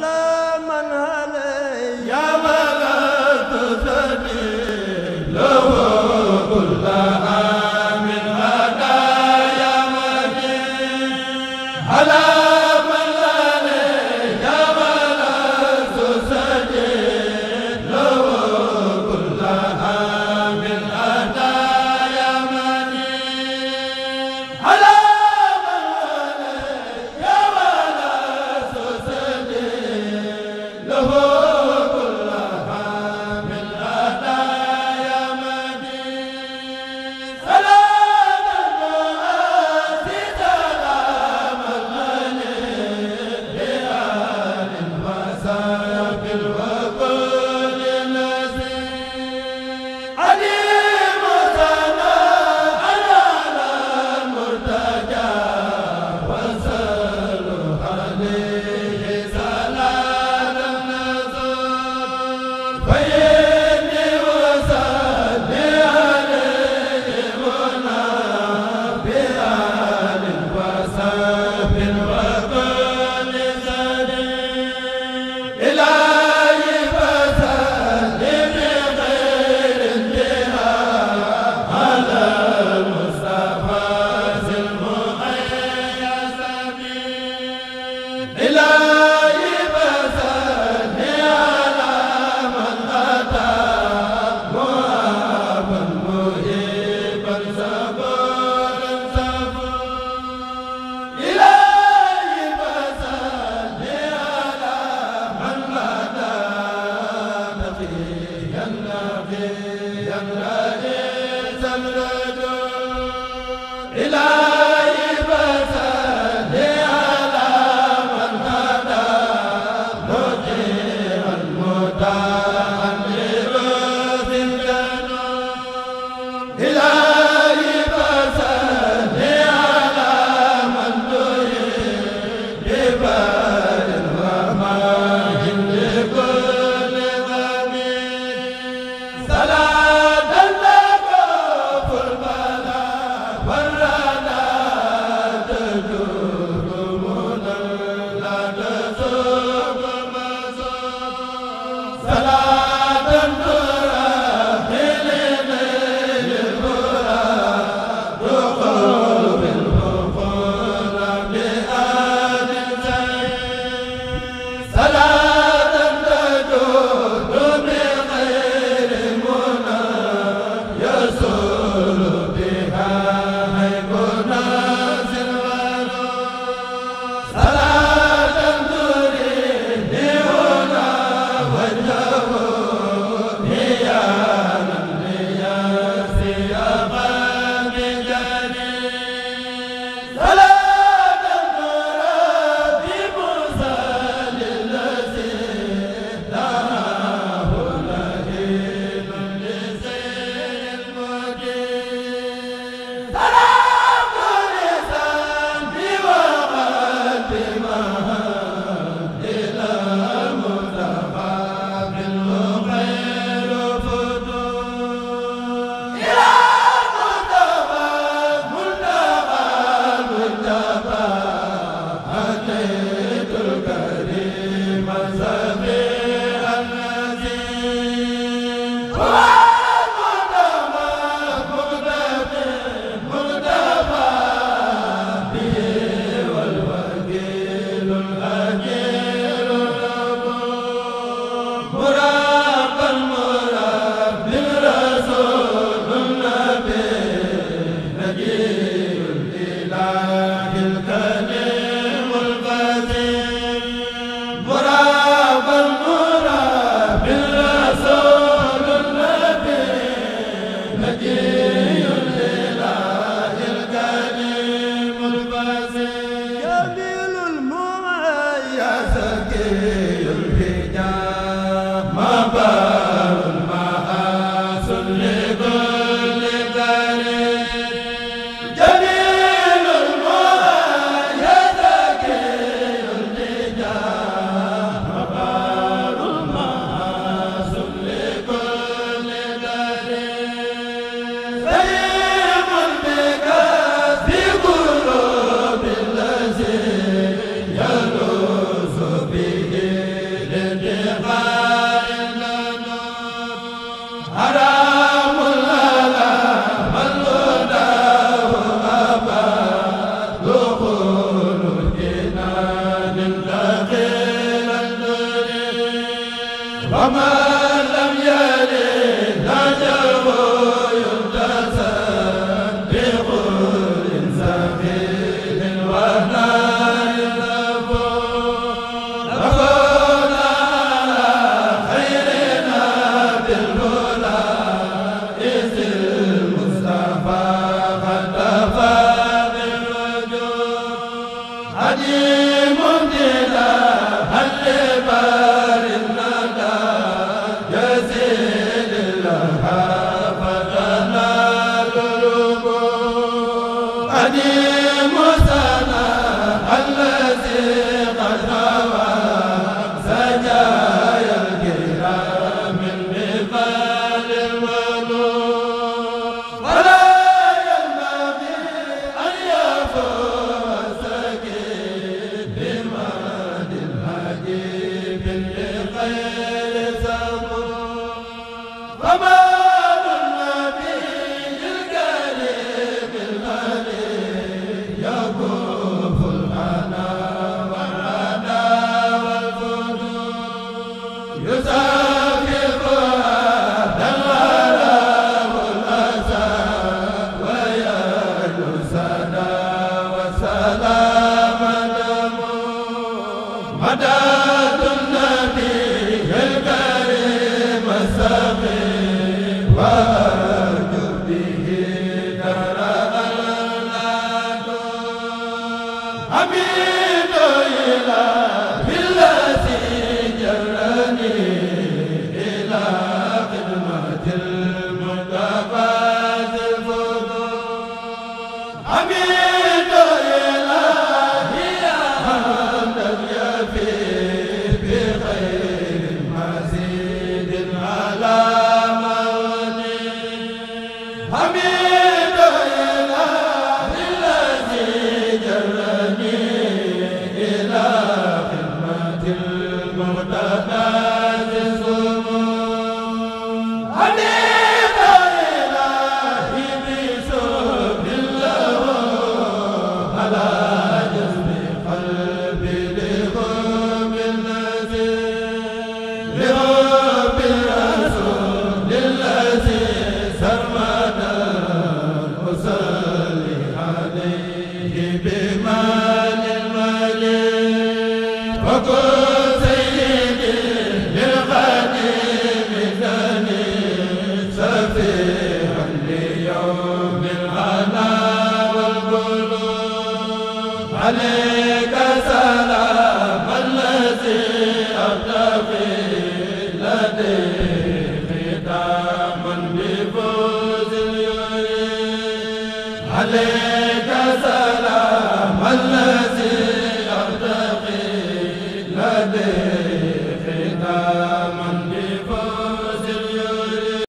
la ila قديم سنا الذي قد abada المهتدى عليك سلام